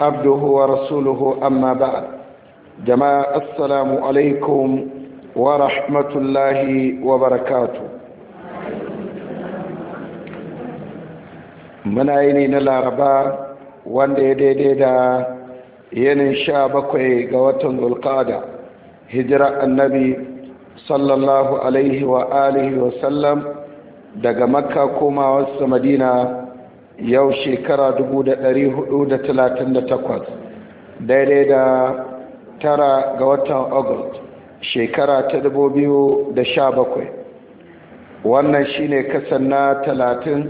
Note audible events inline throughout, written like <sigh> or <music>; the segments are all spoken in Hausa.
عبده ورسوله أما بعد جماعة السلام عليكم ورحمة الله وبركاته من أين الأربعاء wanda ya daidai da yanin sha bakwai ga watan zulkada hijira annabi sallallahu alaihi wa wa sallam daga makka komawarsa madina yau shekara 438 daidai da tara ga watan august shekara ta 2017 wannan shine kasan na 30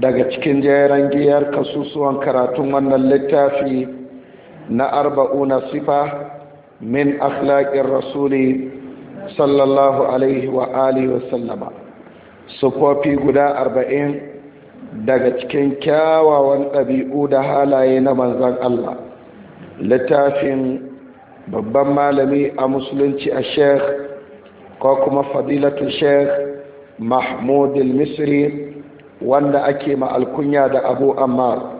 daga cikin jeren giyar kasusuwan karatun wannan littafi na arba'una sifa min akhlaƙin rasuli sallallahu alaihi wa alihi sallama sufofi guda arba'in daga cikin kyawawan ɗabi'u da halaye na manzan Allah littafin babban malami a musulunci a sheikh ko kuma fadilatun sheikh mahmud misri wanda ake ma alkunya da abu ammar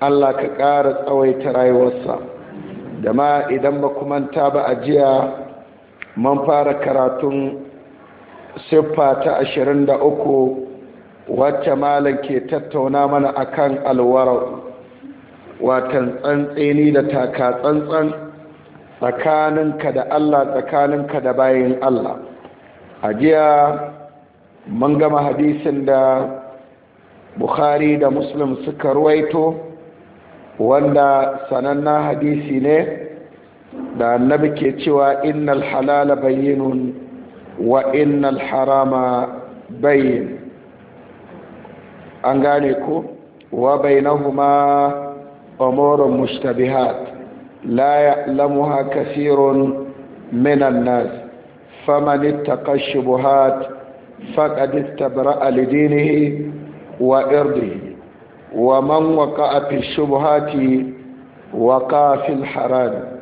Allah ka ƙara tsawaita rayuwarsa da ma idan ba manta ba a jiya mun fara karatun siffa ta ashirin da uku. wacce malam ke tattauna mana akan alwara'u watan tsantseni da taka tsantsan tsakaninka da Allah tsakaninka da bayan Allah a jiya mun gama hadisin da bukhari da muslim suka ruwaito wanda sanannen hadisi ne da annabi ke cewa innal halala bayyinun wa innal harama bayyin an gane ko wa bainahuma umurun mushtabihat la ya'lamuha kathirun minan nas faman ittaqa faqad istabra'a lidinihi wa irdihi wa man waqa'a fi shubuhati waqa'a fil haram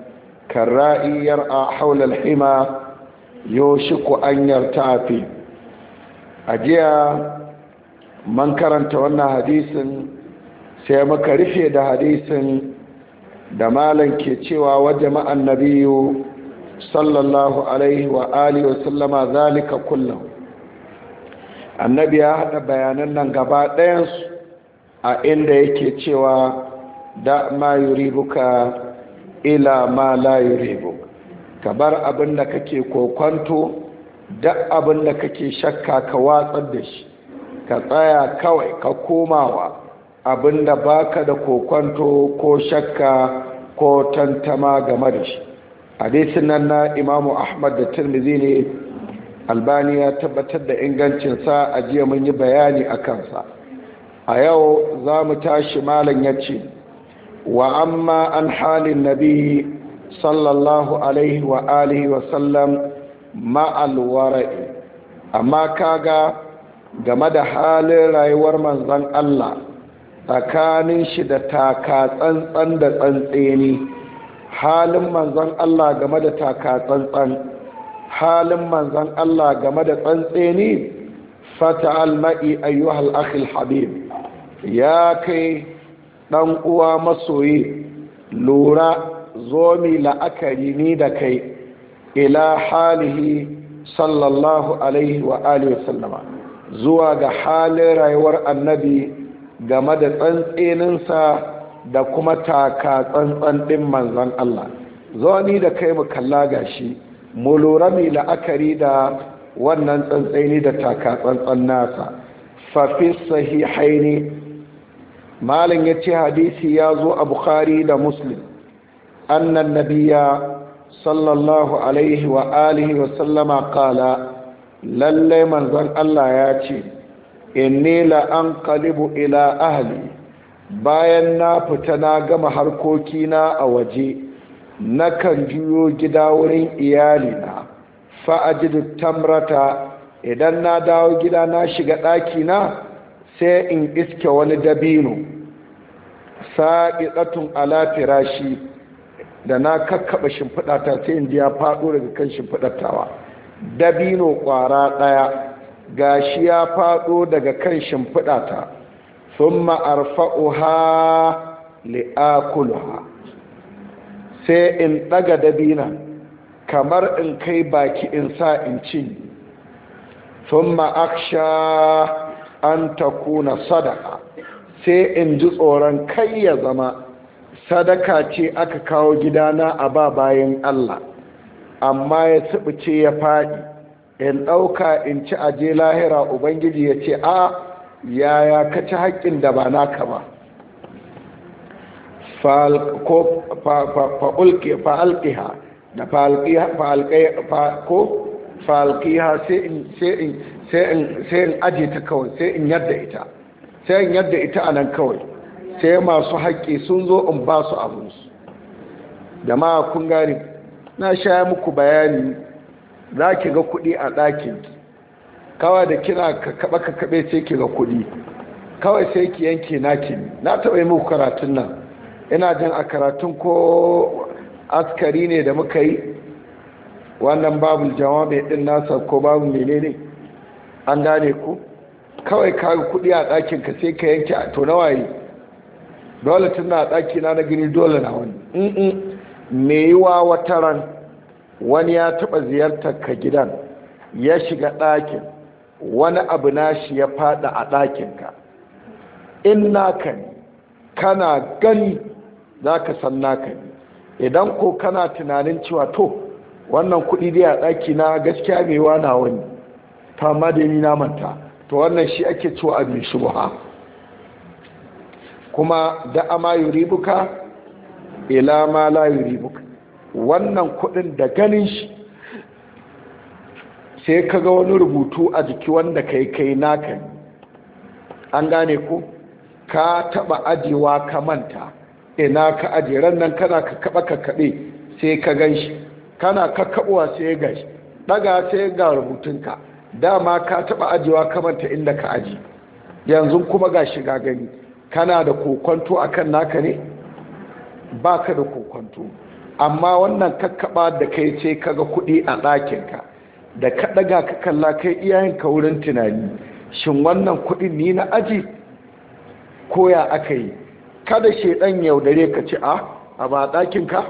كالرائي يرعى حول الحمى يوشك أن يرتعى فيه أجيا man karanta wannan hadisin sai muka rufe da hadisin da malam ke cewa wa jama'an nabiyu sallallahu alaihi wa alihi wa sallama zalika kullum annabi ya hada bayanan nan gaba ɗayansu a inda yake cewa da ma yuribuka ila ma la yuribuka ka bar abin da kake kwanto, da abin da kake shakka ka watsar da shi ka tsaya kawai ka komawa abinda baka da kokwanto ko shakka ko tantama game da shi hadisin nan na imamu ahmad da tirmizi ne albani ya tabbatar da ingancinsa a jiya mun yi bayani a kansa a yau za mu tashi malam ya ce wa amma an halin nabi sallallahu alaihi wa alihi wa sallam ma'al amma kaga game da halin rayuwar manzan Allah tsakanin shi da taka tsantsan da tsantseni halin manzan Allah game da taka tsantsan halin manzan Allah game da tsantseni fata al-ma'i ayyuhal akhil habib ya kai dan uwa masoyi lura zomi la'akari ni da kai ila halihi sallallahu alaihi wa alihi wasallama zuwa ga halin rayuwar annabi game da tsantseninsa da kuma taka tsantsan ɗin manzan Allah ni da kai mu kalla gashi mu lura mai la'akari da wannan tsantseni da taka tsantsan nasa fafi sahihaini malin ya ce hadisi ya zo a bukhari da muslim annan nabiya sallallahu alaihi wa alihi wa sallama kala lallai manzon Allah ya ce inni la anqalibu ila ahli bayan na fita na gama harkoki na a waje na kan juyo gida wurin iyalina fa ajidu tamrata idan na dawo gida na shiga na sai in iske wani dabino sa'idatun ala firashi da na kakkaɓa shimfiɗata sai in ji ya faɗo daga kan shimfiɗatawa dabino ƙwara ɗaya gashi ya faɗo daga kan shimfiɗa ta sun ma'arfa'uha li'akulha sai in ɗaga dabina kamar in kai baki in sa in cin sun ma'aksha an takuna sadaka sai in ji tsoron kai ya zama sadaka ce aka kawo gidana a ba bayan Allah amma ya ce ya faɗi in ɗauka in ci aje lahira ubangiji ya ce a yaya ka ci haƙƙin da ba naka ba fa'alƙiha da fa'alƙiha sai in aje ta kawai sai in yadda ita sai in yadda ita a nan kawai sai masu haƙƙi sun zo in ba su abinsu da ma kun gani na sha muku bayani za ki ga kuɗi a ɗakin. kawai da kina kaɓa ka kaɓe sai ki ga kuɗi kawai sai ki yanke naki na taɓa yi muku karatun nan ina jin a karatun ko askari ne da muka yi wannan babu jawabi ɗin nasa ko babu menene an gane ku kawai ka kuɗi a ɗakinka sai ka yanke a to waye. dole tun na ɗaki na na gini dole na wani Me yiwa wata ran wani ya taɓa ziyartar ka gidan ya shiga ɗakin wani abu nashi ya faɗa a ɗakinka in naka ne kana gani za ka san naka ne idan ko kana tunanin cewa to wannan kuɗi dai a ɗaki na gaskiya mai wana wani ta madani na manta to wannan shi ake cewa abin shubuha kuma da ama buka. ila ma la yuribuk wannan kudin da ganin shi sai kaga wani rubutu a jiki wanda kai kai naka an gane ko ka taba ajewa ka manta ina ka aje nan kana ka kaba ka kabe sai ka ganshi kana ka kabuwa sai ya gashi daga sai ga rubutunka dama ka taba ajewa ka manta inda ka aje yanzu kuma gashi ga gani kana da kokonto akan naka ne ba ka da kokonto amma wannan kakkaba da kai ce kaga kuɗi a ɗakinka da ka ɗaga ka kalla kai ka wurin tunani shin wannan kuɗin ni na aji koya aka yi kada shedan yaudare ka ce a ah, a ba ɗakinka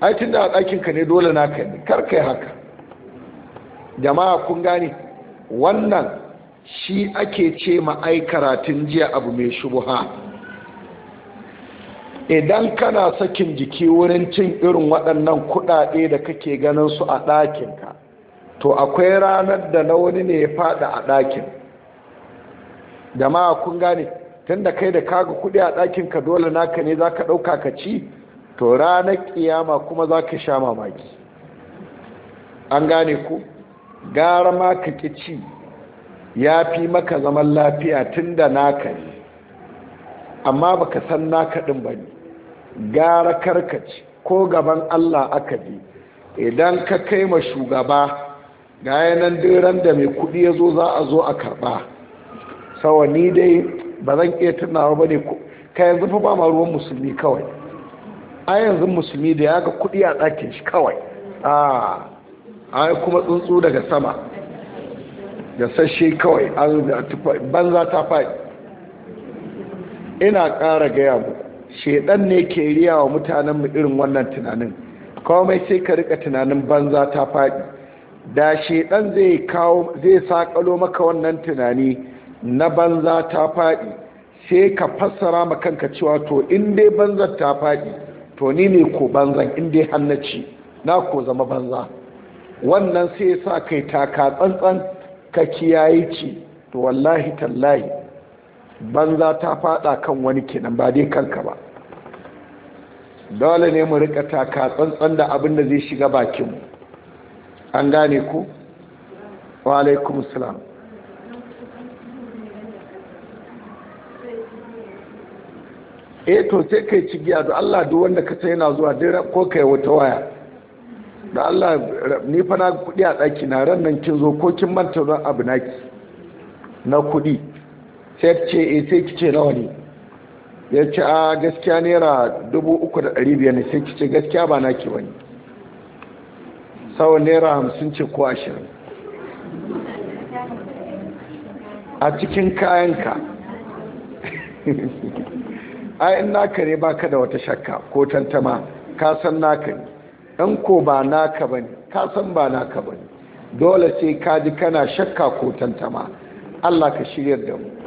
ai tun da a ɗakinka ne dole na ka ne kar kai haka jama'a kun gane wannan shi ake ce ma ai karatun jiya abu mai shubuha idan kana sakin jiki wurin cin irin waɗannan kuɗaɗe da kake ganin su a ɗakinka to akwai ranar da na wani ne ya faɗi a ɗakin jama'a kun gane tunda kai da kaga kuɗi a ɗakinka dole naka ne za ka ɗauka ka ci to ranar ƙiyama kuma za ka sha mamaki an gane ku gara ma ka ƙi ci ya fi maka zaman lafiya tun da naka ne amma baka san naka ɗin ba ne gara karkaci ko gaban Allah aka bi idan ka kai ma shugaba ga yanan diran da mai kudi ya zo za a zo a karba sawa ni dai ba zan iya tunawa ba ne ka yanzu fa ba ma ruwan musulmi kawai a yanzu musulmi da ya ga kudi a ɗakin shi kawai a ai kuma tsuntsu daga sama da sashe kawai banza ta faɗi ina ƙara gaya muku shedan ne ke riya wa mutanen mu irin wannan tunanin komai sai ka rika tunanin banza ta faɗi da shedan zai kawo zai sakalo maka wannan tunani na banza ta faɗi sai ka fassara ma kanka cewa to in dai banza ta faɗi to ni ne ko banzan in dai hannaci na ko zama banza wannan sai ya sa kai taka tsantsan ka kiyaye ci to wallahi tallahi banza ta fada kan wani kenan ba dai kanka ba dole ne mu rika taka tsantsan da abin da zai shiga bakinmu an gane ku wa alaikum salam eh to sai kai cigiya da Allah duk wanda ka yana zuwa dai ko kai wata waya da Allah ni fa na kudi a daki na ran nan kin zo ko kin manta don abu naki na kudi sai ce e sai ki ce nawa ne ya ce a ah, gaskiya naira 3,500 ne sai ki ce gaskiya ba naki wani sau naira hamsin ce ko ashirin a cikin kayanka <laughs> ai in naka ne baka da wata shakka ko tantama ka san naka ne in ko ba naka bane ka san ba naka ne dole sai ka ji kana shakka ko tantama Allah ka shirya da mu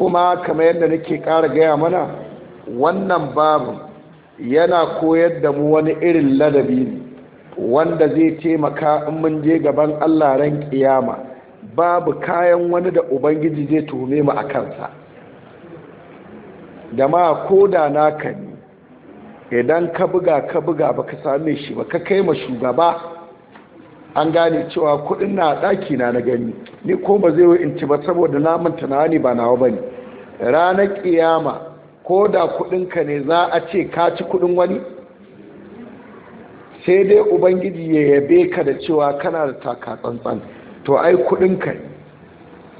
kuma kamar yadda nake ƙara gaya mana wannan babu yana koyar da mu wani irin ladabi ne wanda zai taimaka in mun je gaban allah ran kiyama babu kayan wani da ubangiji zai tuhume mu a kansa da ma ko da naka ne idan ka buga ka buga baka same shi ba ka kai ma shugaba an gane cewa kudin na daki na na gani ni ko ba zai in ci ba saboda na manta na ne ba nawa bane ranar kiyama ko da kudin ka ne za a ce ka ci kudin wani sai dai ubangiji ya yabe ka da cewa kana da taka tsantsan to ai kudin ka ne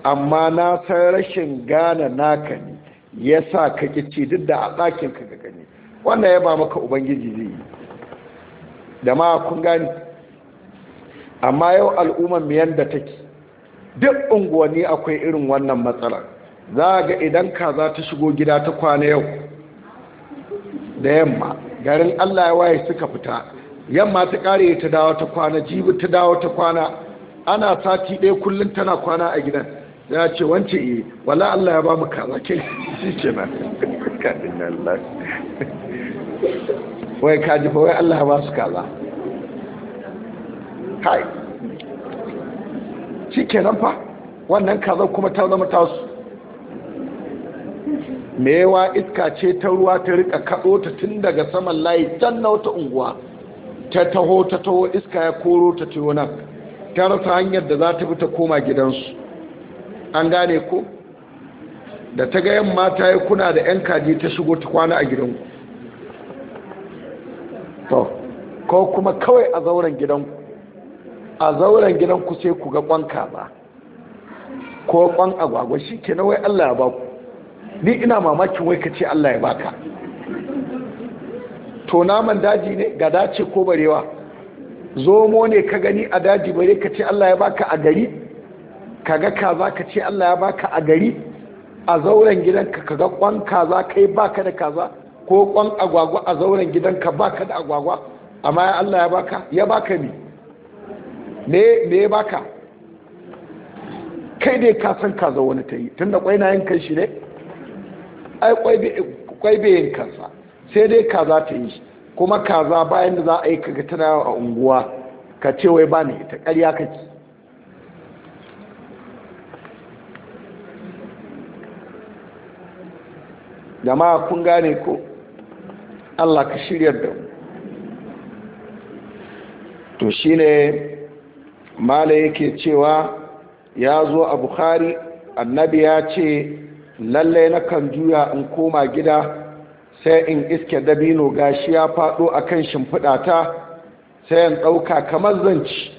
amma na san rashin gane naka ne ya sa ka ci duk da a ɗakin ka ga gani wannan ya ba maka ubangiji zai yi da ma kun gani amma yau al'ummar mu yanda take duk unguwanni akwai irin wannan matsala za ga idan kaza ta shigo gida ta kwana yau da yamma garin Allah ya waye suka fita yamma ta kare ta dawo ta kwana jibi ta dawo ta kwana ana sati ɗaya kullum tana kwana a gidan ya ce wance iya eh, wala Allah ya ba mu kaza ke <laughs> shi ce <laughs> nan kadin Allah <laughs> wai kaji ba wai Allah ya ba su kaza kai shi fa wannan kaza kuma ta zama tasu mewa iska ce ta ruwa ta rika kaɗo ta tun daga saman layi can na wata unguwa ta taho ta taho iska ya koro ta ciwo ta rasa hanyar da za ta fi ta koma gidansu an gane ko da ta ga yamma ta yi kuna da 'yan kaji ta shigo ta kwana a gidanku ko kuma kawai a zauren gidanku a zauren gidan ku sai ku ga kwan kaza ko kwan agwagwa shi ke na wai Allah ya baku ni ina mamakin wai ka ce Allah ya baka to naman daji ne ga dace ko barewa zomo ne ka gani a daji bare ka ce Allah ya baka a gari ga kaza ka ce Allah ya baka a gari a zauren gidanka ga kwan kaza kai baka da kaza ko kwan agwagwa a zauren gidanka baka da agwagwa amma ya Allah ya baka ya baka ne me ya baka kai dai ka san kaza wani ta yi tunda kwai na yin kanshi ne ai kwai bai yin kansa sai dai kaza ta yi kuma kaza bayan da za a yi kaga tana a unguwa ka ce wai ba ni ita ƙarya kake jama'a kun gane ko allah ka shirya da mu to shine mala yake cewa ya zo a bukhari annabi ya ce lallai na kan juya in koma gida sai in iske dabino gashi ya fado a kan shimfiɗata sai in ɗauka kamar zanci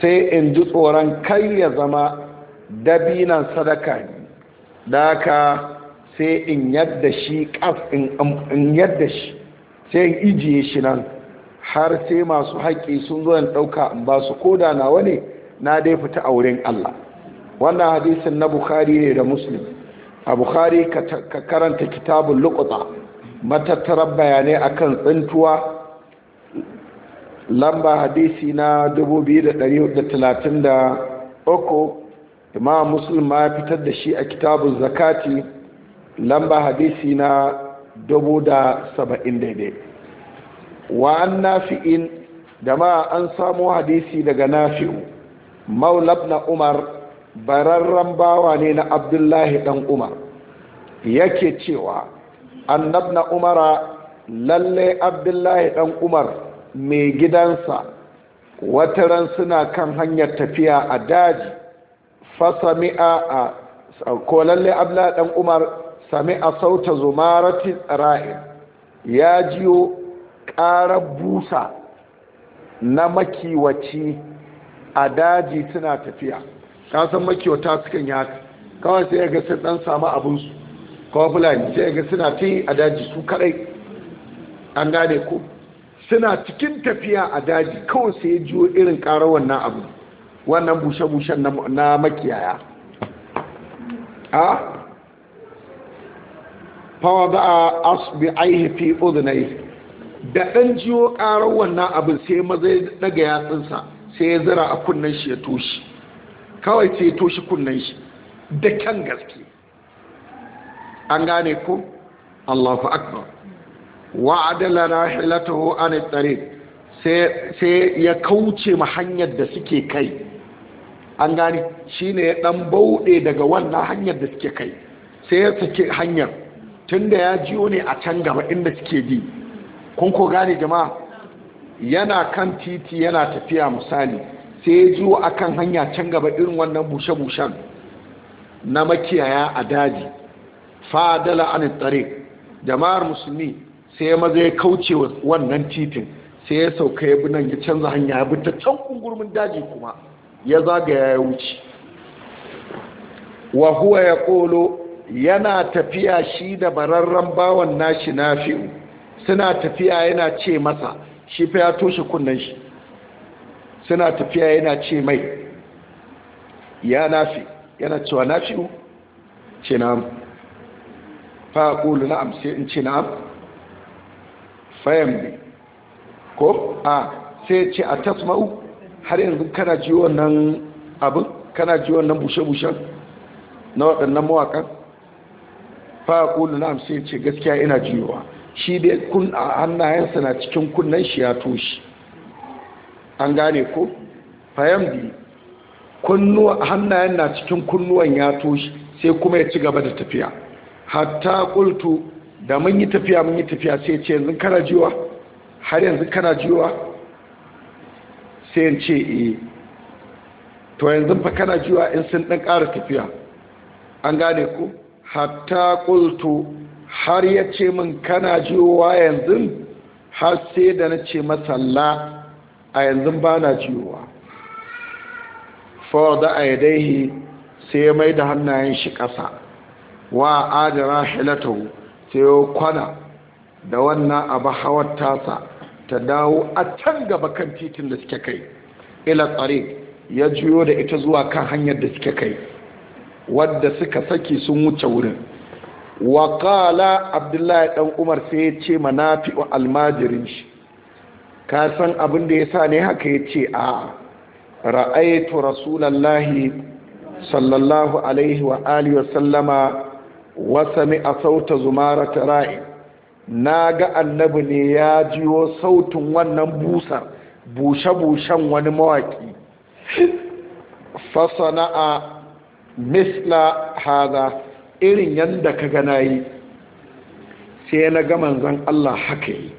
sai in ji tsoron kai ya zama dabinan sadaka da sai in yadda shi ƙaf in yadda shi sai in ijiye shi nan har sai masu haƙƙi sun zo ɗauka ba su ko da nawa ne na dai fita a wurin Allah wannan hadisin na bukhari ne da muslim a bukhari ka karanta kitabun lukuta matattarar bayanai akan tsintuwa lamba hadisi na 2,133 imam muslim ma ya fitar da shi a kitabun zakati lamba hadisi na 70,000 wa an nafi'in da ma an samu hadisi daga nafi'u maulab na umar bararren bawa ne na abdullahi dan umar yake cewa annab na umara lalle abdullahi dan umar mai gidansa wataran suna kan hanyar tafiya a daji a ko lalle abdullahi dan umar sami'a sauta zumaratin ra'in ya jiyo karar busa na makiwaci a daji suna tafiya kasan makiwata sukan yi haka kawai sai ga sun dan samu abinsu kawai fulani sai ga suna fi a daji su kadai an gane ko suna cikin tafiya a daji kawai sai ya jiwo irin karar wannan abu wannan bushe-bushen na makiyaya a fawa ba a asbi na yi. da ɗan jiwo ƙarar wannan abin sai maza ya daga yatsunsa sai ya zira a kunnen shi ya toshi kawai sai ya toshi kunnen shi da kyan gaske an gane ko allahu akbar wa adala rahilatahu an tsare. sai ya kauce ma hanyar da suke kai an gani ne ya ɗan bauɗe daga wannan hanyar da suke kai sai ya sake hanyar tunda ya jiyo ne a can gaba inda suke bi kun ko gane jama'a yana kan titi yana tafiya misali sai ya jiwo akan hanya can gaba irin wannan bushe-bushen na makiyaya a daji fadala an tsare jama'ar musulmi sai maza ya kauce wannan titin sai ya sauka ya bi nan ya canza hanya ya bi ta can kungurmin daji kuma ya zagaya ya wuce wahuwa ya kolo yana tafiya shi da bararren bawan nashi na nafi'u suna tafiya yana ce masa shi fa ya toshe kunnen shi suna tafiya yana ce mai ya nafi yana cewa mu? ce na'am fa qulu na'am sai in ce na'am bi ko a sai ce a tasma'u har yanzu kana ji wannan abin kana ji wannan bushe-bushen na waɗannan mawaƙan fa na amsa ya ce gaskiya ina jiyowa shi dai kun a hannayensa na cikin kunnen shi ya toshi an gane ko fayamdi hannayen na cikin kunnuwan ya toshi sai kuma ya ci gaba da tafiya hatta kultu da mun yi tafiya mun yi tafiya sai ce yanzu kana jiwa har yanzu kana jiwa sai yin ce e to yanzu fa kana jiwa in sun dan ƙara tafiya an gane ko hatta kultu har ya ce min kana jiyowa yanzu har sai da na ce masalla a yanzu ba na jiwowa fawar da a yadaihi sai ya mai da hannayen shi ƙasa wa adana hilatahu sai ya kwana da wannan abu hawar tasa ta dawo a can gaba kan titin da suke kai ila tsare ya juyo da ita zuwa kan hanyar da suke kai wadda suka saki sun wuce wurin wa abdullahi dan umar sai ya ce manafi'u almajirin shi ka san abin da ya sa ne haka ya ce a ra'aitu rasulallahi sallallahu alaihi wa alihi wa sallama wa a sauta zumara ta ra'i na ga annabi ne ya jiyo sautin wannan busar bushe-bushen wani mawaki a misla haza irin yadda ka gana yi sai na gama zan Allah haka yi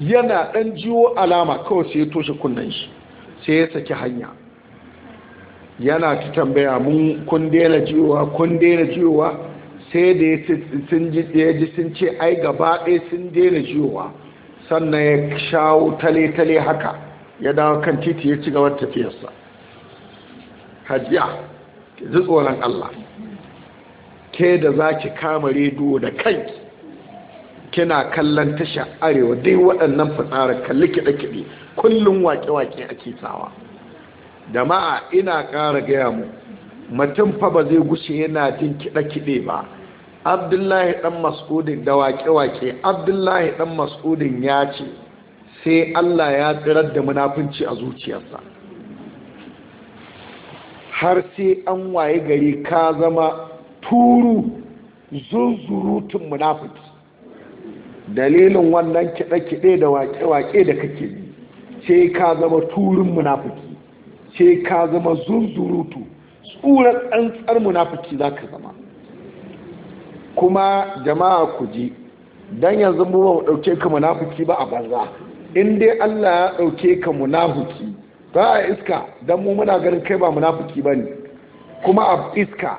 yana ɗan jiwo alama kawai sai ya toshe kunnen shi sai ya saki hanya yana ta tambaya mun kun daina jiwowa kun daina jiwowa sai da ya ji sun ce ai gaba ɗaya sun daina jiwowa sannan ya shawo tale-tale haka ya dawo kan titi ya ci gaba tafiyarsa hajiya ji tsoron Allah ke da za ki kama rediyo da kanki kina kallon tashar arewa dai waɗannan fitsara kalli kiɗe-kiɗe kullum wake-wake ake sawa jama'a ina ƙara gaya mu mutum fa ba zai gushe yana jin kiɗe-kiɗe ba abdullahi ɗan mas'udin da wake-wake abdullahi ɗan mas'udin ya ce sai allah ya tsirar da munafunci a zuciyarsa har sai an waye gari ka zama turu zunzurutun munafiki dalilin wannan kiɗe-kiɗe da waƙe-waƙe da kake yi ce ka zama turin munafiki ce ka zama zunzurutu tsura tsantsar munafiki za ka zama kuma jama'a ku ji don yanzu mu ba mu ɗauke ka munafiki ba a banza in dai allah ya ɗauke ka munafiki ba a iska don mu muna ganin kai ba munafiki ba ne kuma a iska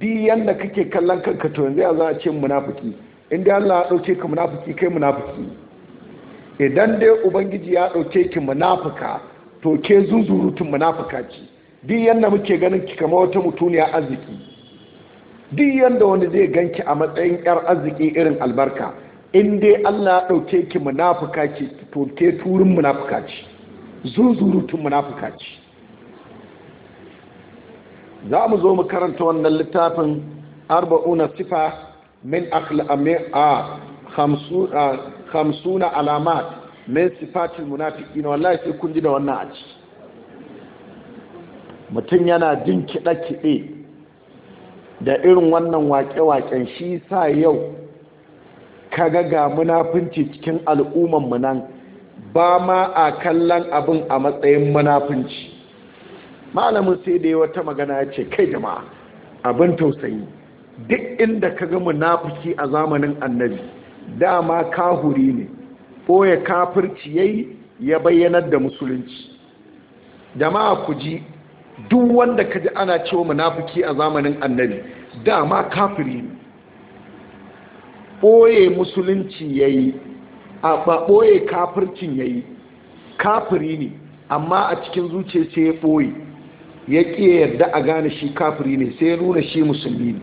Diyanda kake kallon kanka to yanzu ya za a ce munafiki inda ya dauke ka munafiki kai munafiki idan dai ubangiji ya dauke ki munafika to ke zuzurutun munafika ce duk muke ganin ki kamar wata mutuniya arziki di yanda wani zai ganki a matsayin yar arziki irin albarka in dai Allah ya dauke ki munafika ce to ke turin munafika ce zuzurutun munafika ce za mu zo mu karanta wannan littafin arba'una sifa min a hamsuna alamat min sifatil munafiki na wallahi sai kun ji da wannan aji mutum yana jin kiɗa kiɗe da irin wannan waƙe-waƙen shi sa yau ka ga munafunci cikin al'umman mu nan ba ma a kallon abin a matsayin munafunci malamin sai da wata magana ya ce kai jama'a abin tausayi duk inda ka ga munafuki a zamanin annabi dama kahuri ne ɓoye kafirci yayi ya bayyanar da musulunci jama'a ku ji duk wanda ka ji ana cewa munafiki a zamanin annabi dama kafiri ne ɓoye musulunci ya yi, a ɓoye kafircin yi, kafiri ne amma a cikin zuciya sai ya ɓoye ya ƙi yarda a gane shi kafiri ne sai ya nuna shi musulmi ne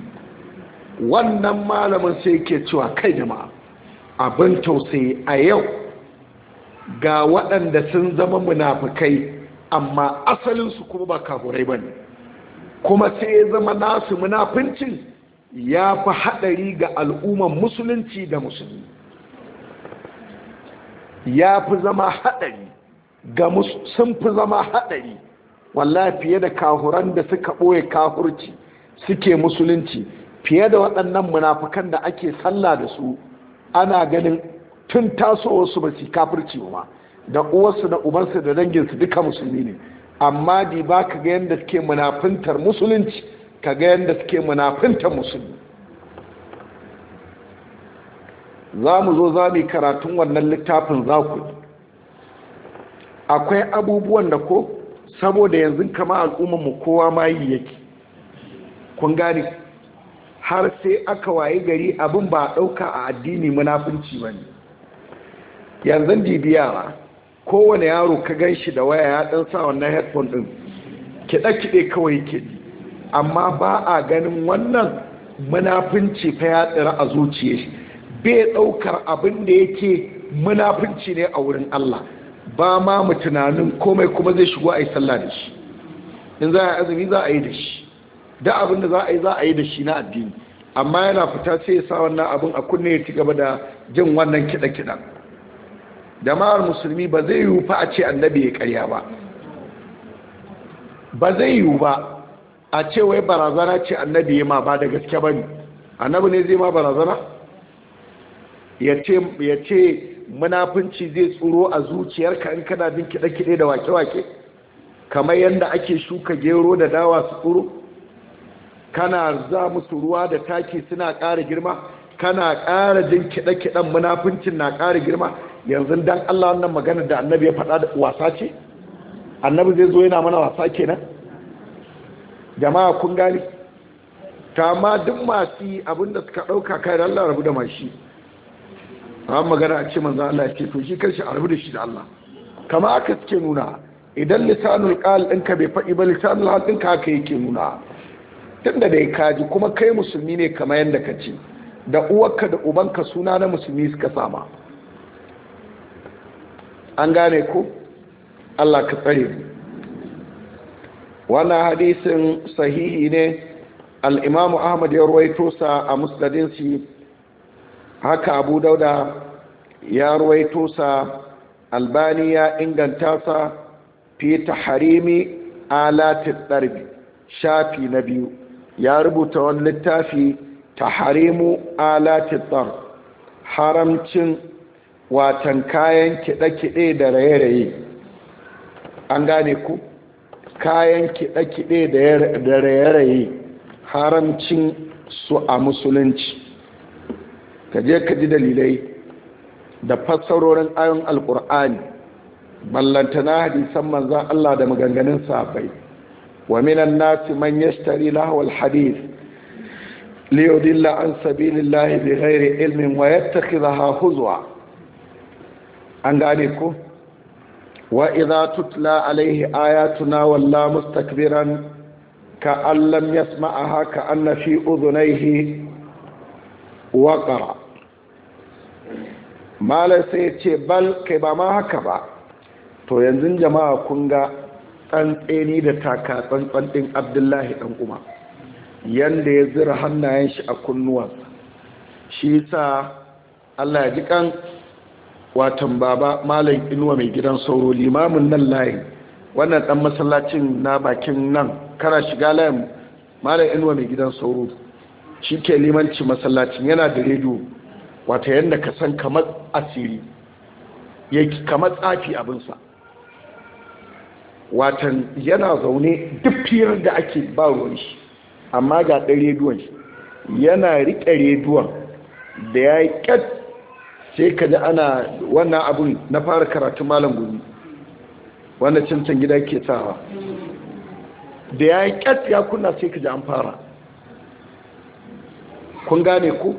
wannan malamin sai ke cewa kai jama'a abin tausayi a yau ga waɗanda sun zama munafukai amma asalinsu kuma ba kafurai ba ne kuma sai ya zama nasu munafincin ya fi haɗari ga al'umman musulunci da musulmi ya fi zama haɗari ga sun fi zama haɗari wallahi fiye da kahuran da suka ɓoye kahurci suke musulunci fiye da waɗannan munafukan da ake sallah da su ana ganin tun tasowarsu ba su kafirci ba da uwarsu da ubansu da danginsu duka musulmi ne amma di ba ka ga yadda suke munafuntar musulunci ka ga yadda suke munafuntar musulmi za mu zo za mu yi karatun wannan littafin za ku akwai abubuwan da ko saboda yanzu kama al'ummar mu kowa mayi yake kun gane har sai aka waye gari abin ba ɗauka a addini munafunci ba ne yanzu ba kowane yaro ka gan shi da waya ya ɗan sa wannan headphone ɗin kiɗe-kiɗe kawai ke amma ba a ganin wannan munafunci fa ya tsira a zuciya shi bai ɗaukar abin da yake munafunci ne a wurin Allah ba ma mu tunanin komai kuma zai shigo a yi sallah da shi in za a yi azumi za a yi da shi da abin da za a yi za a yi da shi na addini amma yana fita sai ya sa wannan abin a kunne ya ci gaba da jin wannan kiɗa-kiɗa jama'ar musulmi ba zai yiwu fa a ce annabi ya karya ba ba zai yiwu ba a ce wai barazana ce annabi ya ma ba da gaske ba ne annabi ne zai ma barazana ya ce munafunci zai tsoro a zuciyarka in kana bin kiɗe-kiɗe da wake-wake kamar yadda ake shuka gero da dawa su tsoro kana za musu ruwa da taki suna ƙara girma kana ƙara jin kiɗe-kiɗen munafuncin na ƙara girma yanzu dan Allah wannan magana da annabi ya faɗa wasa ce annabi zai zo yana mana wasa kenan jama'a kun gani ta ma duk masu abin da suka ɗauka kai Allah rabu da mashi ran magana a ce manzo Allah ce to shi kanshi a da shi da Allah kama aka suke nuna idan lisanul qal ɗinka bai faɗi ba lisanul hal ɗinka haka yake nuna tunda dai kaji kuma kai musulmi ne kama yadda ka ce da uwarka da ubanka suna na musulmi suka sama an gane ko Allah ka tsare mu wannan hadisin sahihi ne al imamu Ahmad ya ruwaito sa a musnadin shi haka abu dauda ya ruwaito sa albani ya inganta sa fi harimi alatin ɗarbi shafi na biyu ya rubuta wani littafi harimu alatin ɗar haramcin watan kayan kiɗe-kiɗe da raye-raye an gane ku kayan kiɗe-kiɗe da raye-raye haramcin su a musulunci ka je ka ji dalilai da fassarorin ayon alkur'ani ballantana hadisan manzan Allah da maganganun safai wa minan nasi man yashtari lahwal hadith liyudilla an sabilillahi bi ghairi ilmin wa yattakhidha huzwa an gane ku? wa idza tutla alaihi ayatuna walla mustakbiran ka allam yasma'aha ka anna fi udhunayhi waqara malar sai ya ce bal kai ba ma haka ba to yanzu jama'a kun ga tsantseni da taka tsantsan ɗin abdullahi ɗan kuma yadda ya zira hannayen shi a kunnuwansa shi sa allah ya ji kan watan baba malam inuwa mai gidan sauro limamin nan layin wannan ɗan masallacin na bakin nan kara shiga layin malam inuwa mai gidan sauro shi ke limanci masallacin yana da rediyo wata yadda ka san kamar asiri yake kamar tsafi abinsa watan yana zaune duk firar da ake ba ruwan shi amma ga ɗan rediyon shi yana riƙe rediyon da ya yi ƙat sai ka ji ana wannan abin na fara karatu malam gumi wanda cancan gida ke sawa da ya yi ƙat ya kunna sai ka ji an fara kun gane ku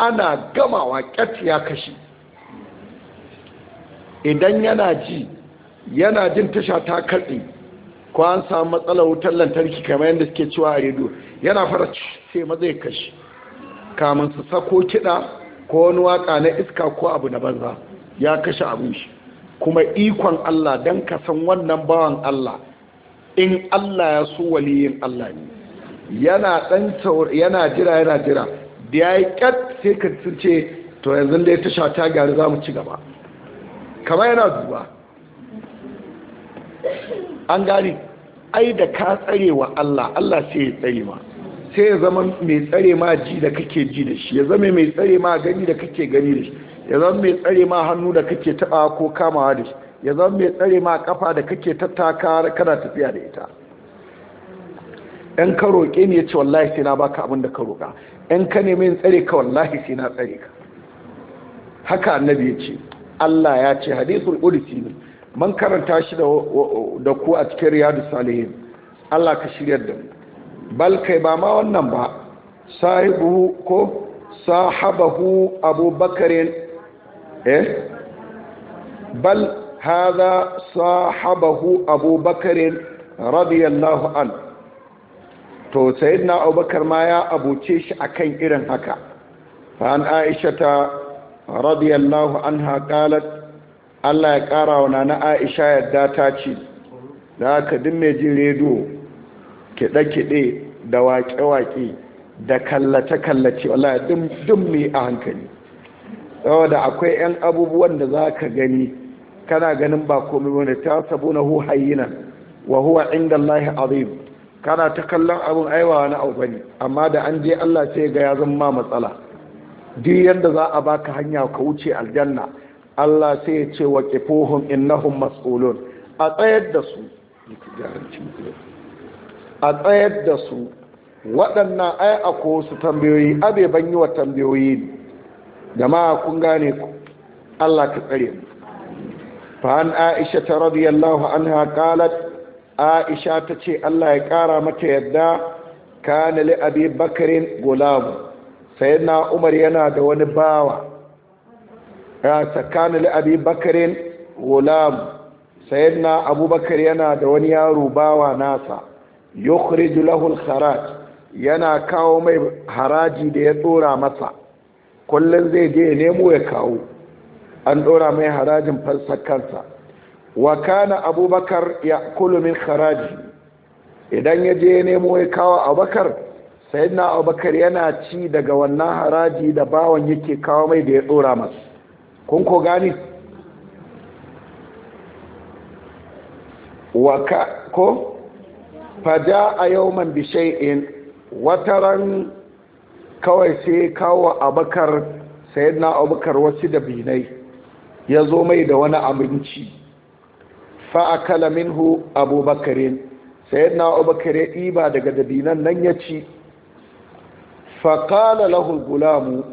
ana gamawa ƙyat ya kashi idan yana ji yana jin tasha ta katse ko an samu matsalar wutar lantarki kamar yadda suke cewa a redo yana fara sai maza ya kashi kamun su sako kiɗa ko wani waka na iska ko abu na banza ya kashe abin shi kuma ikon Allah don ka san wannan bawan Allah in Allah ya so waliyin Allah ne yana jira yana jira da ya yi kyat sai ka ce to yanzu da ya tasha ta gari za mu ci gaba kama yana zuwa an gani ai da ka tsare wa Allah Allah sai ya tsare ma sai ya zama mai tsare ma ji da kake ji da shi ya zama mai tsare ma gani da kake gani da shi ya zama mai tsare ma hannu da kake taɓa ko kamawa da shi ya zama mai tsare ma kafa da kake tattaka kana tafiya da ita ɗan ka roƙe ne ya ce wallahi sai na baka abin da ka roƙa Yan ka nemi in tsare ka wallahi sai na tsare ka haka annabi ya ce Allah ya ce hadithul qudsi ne man karanta shi da da ku a cikin riyadu salihin Allah ka shiryar da mu bal kai ba ma wannan ba sahibu ko sahabahu abubakar eh bal hadha sahabahu abubakar radiyallahu anhu to sayyidina abubakar ma ya abuce shi akan irin haka fa'an aishata radiyallahu anha qalat Allah ya kara wa nana Aisha yadda ta ce da ka din jin rediyo kiɗe-kiɗe da waƙe-waƙe da kallace-kallace wallahi dun mai a hankali saboda akwai 'yan abubuwan da za ka gani kana ganin ba komai wani ta sabu na hu hayyina wa huwa inda Allah azim kana ta kallon abin aiwa na abu bane amma da an je Allah sai ga ya zama matsala duk yanda za a baka hanya ka wuce aljanna Allah sai ya ce wa qifuhum innahum mas'ulun a tsayar da su a tsayar da su waɗannan ai ako su tambayoyi abe ban yi wa tambayoyi ne jama'a kun gane ku Allah ka tsare mu fa an aisha radiyallahu anha qalat aisha ta ce allah ya ƙara mata yadda ka nali abi bakarin gulamu. sai na umar yana da wani bawa rasa ka nali abi bakarin gulamu. sai na abubakar yana da wani yaro bawa nasa yukhriju lahu haraj yana kawo mai haraji da ya tsora masa kullum zai je ya nemo ya kawo an ɗora mai harajin fansar wa kana abubakar ya kulumin haraji idan ya je nemo ya kawo abubakar sai na abubakar yana ci daga wannan haraji da bawan yake kawo mai da ya tsora masu kun ko gani ka ko faja a yawman bishai'in wataran kawai sai kawo abubakar sai na abubakar wasu da binai ya zo mai da wani abinci fa'akala minhu abubakarin sai na abubakarin ɗiba daga dabinan nan ya ci faƙala lahul gulamu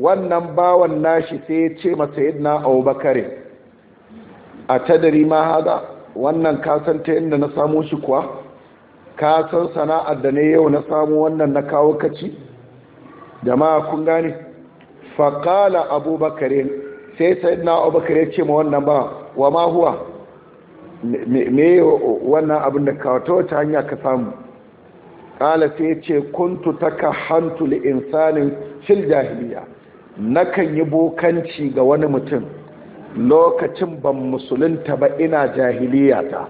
wannan bawan nashi sai ya ce masa yadda abubakarin a tadari ma haɗa wannan ta yadda na samu shi kuwa kasan sana'ar da ne yau na samu wannan na kawo kaci jama'a kun gane faƙala abubakarin sai sai na abubakarin ce ma wannan ba wa ma huwa me wannan abin da kawo ta wata hanya ka samu ƙala sai ce kuntu ta ka hantu insanin fil jahiliya nakan yi bokanci ga wani mutum lokacin ban musulunta ba ina jahiliya ta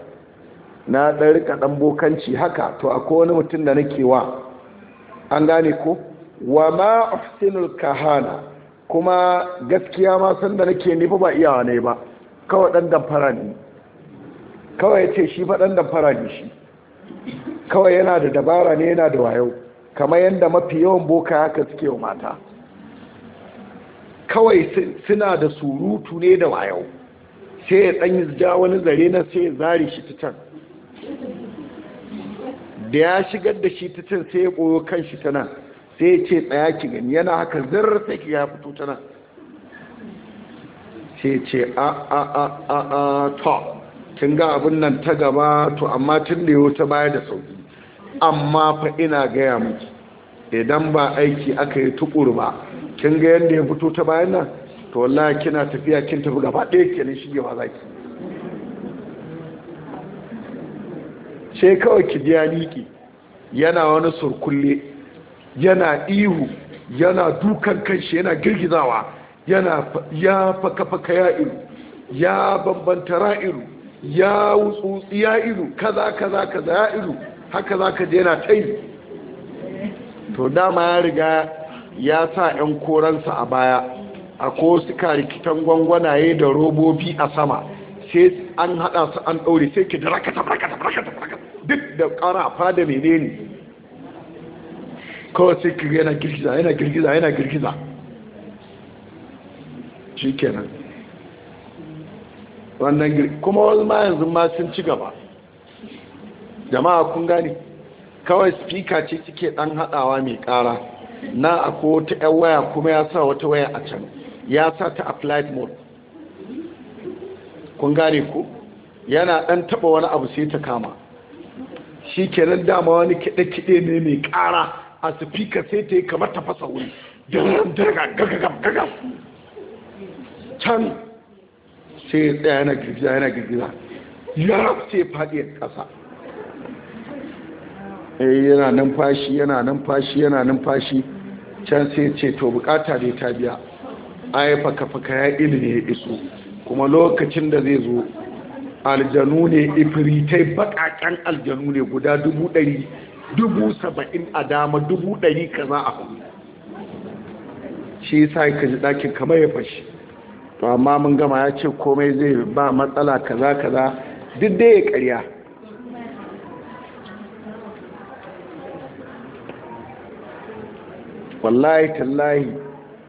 na ɗan rika ɗan bokanci haka to akwai wani mutum da nake wa an gane ko wa ma ofisinul kahana kuma gaskiya ma san da nake nifi ba iyawa ne ba kawai ɗan damfara ne kawai ya ce shi faɗan damfara ne shi kawai yana da dabara ne yana da wayo kamar yadda mafi yawan boka haka suke wa mata kawai suna da surutu ne da wayo sai ya ɗanyi ja wani zare na sai ya zari shi ta can da ya shigar da shi ta can sai ya ɓoyo kan shi ta nan sai ya ce tsaya ki gani yana haka zarar sai ki ya fito ta nan sai ya ce a a a a a kin ga abin nan ta gaba to amma tun da yau ta baya da sauki amma fa ina gaya miki idan ba aiki aka yi tukur ba kin ga yadda ya fito ta bayan nan to wallahi kina tafiya kin tafi gaba ɗaya kenan shigewa zaki sai kawai ki biya liƙi yana wani surkulle yana ihu yana dukan kanshi yana girgizawa yana ya faka-faka ya iru ya bambanta ra'iru ya wutsutsi ya ido kaza kaza kaza ya ido haka za ka je na ta yi to dama ya riga ya sa 'yan koransa a baya a ko suka rikitan gwangwanaye da robobi a sama sai an hada su an daure sai ki kata kata kata duk da kara fada mene ne kawai sai ki yana girgiza yana girgiza yana girgiza shi kenan. wannan girki kuma wasu ma yanzu ma sun ci gaba jama'a kun gani kawai spika ce suke dan hadawa mai kara na akwai wata yan waya kuma ya sa wata waya a can ya sa ta applied mode kun gane ku yana dan taba wani abu sai ta kama shi kenan dama wani kiɗe-kiɗe ne mai kara a spika sai ta yi kamar ta fasa wuri can sai ya tsaya yana girgiza yana girgiza ya ce faɗi ƙasa eh, yana numfashi yana numfashi yana numfashi can sai ce to bukata dai ta biya ai faka-faka ya ilimi ya iso kuma lokacin da zai zo aljanu ne ifiritai bakaken aljanu ne guda dubu ɗari dubu saba'in a dama dubu ɗari kaza a kuma shi sa ka ji ɗakin kamar ya fashi to amma mun gama ya ce komai zai ba matsala kaza kaza duk dai ya karya wallahi tallahi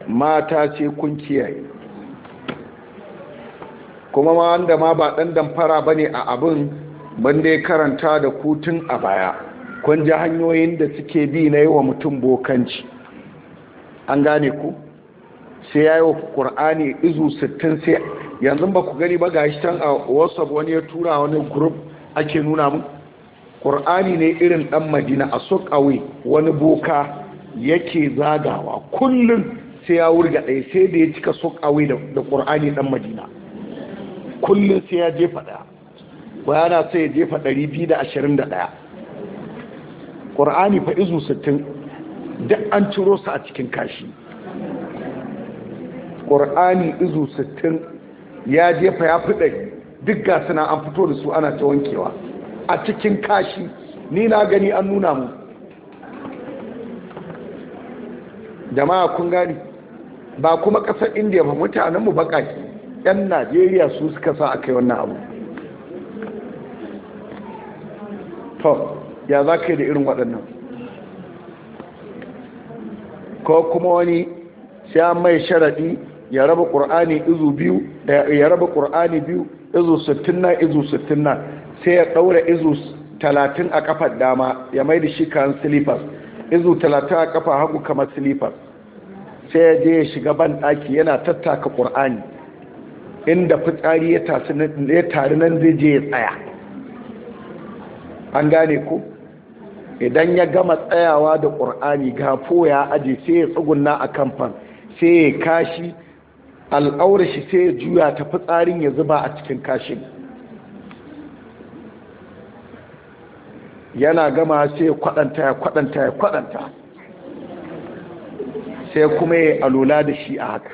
mata ce kun kiyaye kuma ma wanda ma ba dan damfara bane a abin banda ya karanta da kutun a baya kun ji hanyoyin da suke bi na yi wa mutum bokanci an gane ku sai ya yi wa ƙur'ani izu 60 sai yanzu ba ku gani ba gashi can a whatsapp wani ya tura wani group ake nuna mu ƙur'ani ne irin ɗan madina a sokawe wani boka yake zagawa kullum sai ya wurga ɗaya sai da ya cika sokawe da ƙur'ani ɗan madina kullum sai ya jefa ɗaya bayana sai ya jefa ɗaya. ƙur'ani fa izu 60 duk an ciro su a cikin kashi ƙur'ani izu 60 ya jefa ya fiɗe duk ga suna an fito da su ana ta wankewa a cikin kashi ni na gani an nuna mu jama'a kun gani ba kuma ƙasar indiya ba mutanenmu baƙaƙi 'yan najeriya su suka sa a kai wannan abu to ya za ka yi da irin waɗannan ko kuma wani sha mai sharaɗi ya raba qur'ani izu biyu ya raba qur'ani biyu izu sittin na izu sittin na sai ya ɗaura izu 30 a kafar dama ya mai da shi kan slippers izu 30 a kafa hagu kamar slippers sai ya je ya shiga ban ɗaki yana tattaka qur'ani inda fitsari ya tari nan zai je ya tsaya an gane ku? idan ya gama tsayawa da ƙur'ani gafo ya aji sai ya tsugunna a kamfan sai ya kashi al'aura shi sai ya juya ta fitsarin ya zuba a cikin kashin yana gama sai ya kwadanta ya kwadanta ya kwadanta sai kuma ya alula da shi a haka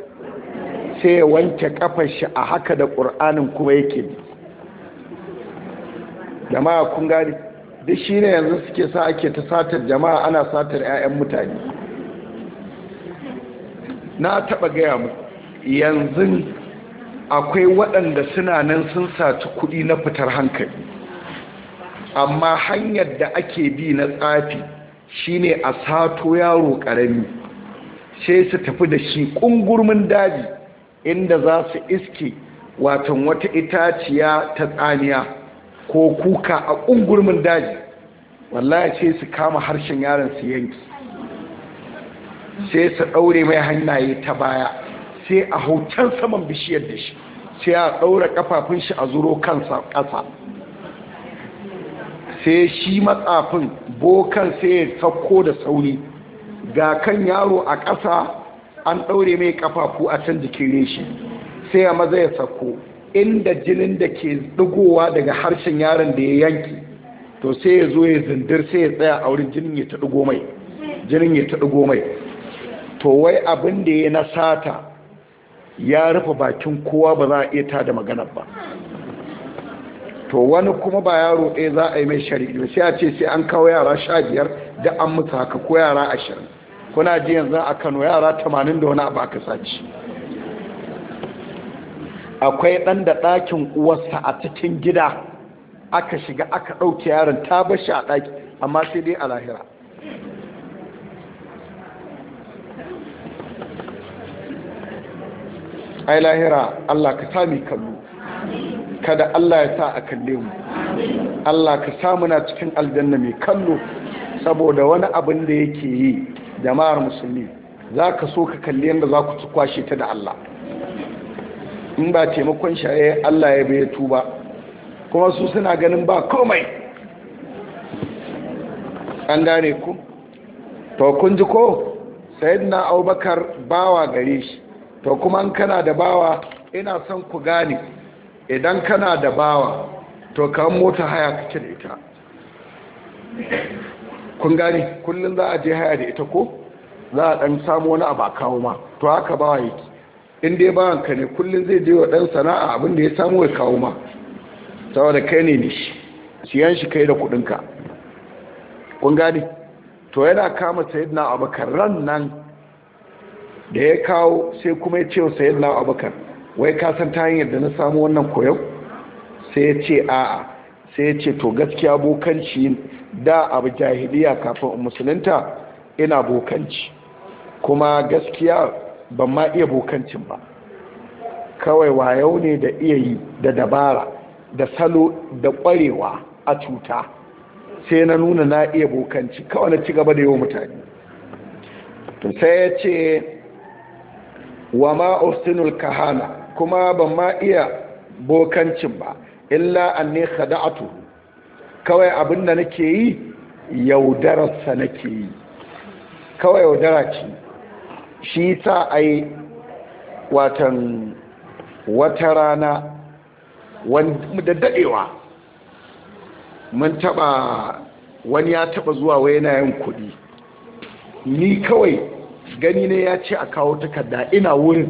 sai ya wanke kafar shi a haka da ƙur'anin kuma yake bi jama'a kun gani duk shi ne yanzu suke sa ake ta satar jama'a ana satar 'ya'yan mutane na taɓa gaya mutu yanzu akwai waɗanda suna nan sun saci kuɗi na fitar hankali amma hanyar da ake bi na tsafi shine a sato yaro ƙarami sai su tafi da shi ƙungurmin daji inda za su iske watan wata itaciya ta tsamiya ko kuka a ƙungurmin daji wallahi sai su kama harshen yaron su yanki sai su ɗaure mai hannaye ta baya sai a hoton saman bishiyar da shi sai a ɗaura ƙafafun shi a zuro kansa ƙasa sai shi matsafin bokan sai ya sauko da sauri ga kan yaro a ƙasa an ɗaure mai ƙafafu a can jikin reshi sai ya maza ya sauko inda jinin da ke ɗigowa daga harshen yaron da ya yanki to sai ya zo ya zindir sai ya tsaya a wurin jinin ya ta gomai, jinin ya ta gomai. to wai abin da ya na sata ya rufe bakin kowa ba za a iya ta da magana ba to wani kuma ba yaro ɗaya za a yi mai shari'i sai a ce sai an kawo yara sha biyar da an mutu haka ko yara ashirin kuna ji yanzu a kano yara tamanin da wani abu aka saci akwai ɗan da ɗakin uwarsa a cikin gida aka shiga aka ɗauke yaron ta bashi a ɗaki amma sai dai a lahira ai lahira Allah ka sami kallo kada Allah ya sa a kalle mu Allah ka samu na cikin aljanna mai kallo saboda wani abin da yake yi jama'ar musulmi za ka so ka kalli yadda za ku kwashe ta da Allah in ba taimakon shaye eh, Allah ya bai tuba kuma su suna ganin ba komai an gane ku to kun ji ko sayyidina abubakar bawa gare shi to kuma kana da bawa ina son ku gane idan kana da bawa to kan mota haya kake da ita kun gane kullum za a je haya da ita ko za a dan samu wani abu a kawo ma to haka bawa yake in dai bawan ka ne kullum zai je wa dan sana'a abin da ya samu ya kawo ma saboda kai ne ne shi siyan shi kai da kudin ka kun gane to yana kama sayyidina abakar ran nan da ya kawo sai kuma ya ce wa sayyidina abubakar wai kasan ta hanyar da na samu wannan koyau sai ya ce a'a sai ya ce to gaskiya bokanci da abu jahiliya kafin musulunta ina bokanci kuma gaskiya ban ma iya bokancin ba kawai wayau ne da iya yi da dabara da salo da kwarewa a cuta sai na nuna na iya bokanci kawai na ci gaba da yi mutane sai ya ce wa ma uhsinul kahana kuma ban ma iya bokancin ba illa anni khada'atu kawai abin da nake yi yaudararsa nake yi kawai yaudara ce shi sa ai watan wata rana da dadewa mun taba wani ya taɓa zuwa wai yana yin kudi ni kawai gani ne ya ce a kawo takarda ina wurin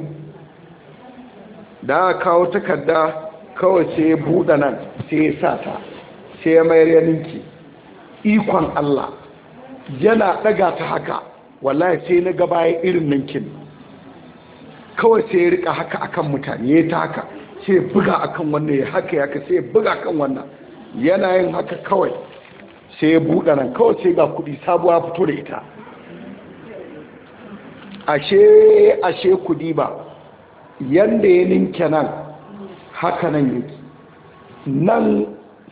da a kawo takarda kawai sai ya buɗa nan sai ya sa ta sai ya mayar yaninki ikon Allah yana ɗaga ta haka wallahi sai na gaba ya irin ninkin kawai sai ya rika haka akan mutane ya ta haka sai ya buga akan wannan ya haka ya sai ya buga akan wannan yana yin haka kawai sai ya buɗa nan kawai sai ga kuɗi sabuwa fito da ita ashe ashe kudi ba yadda ya ninke nan haka nan yake nan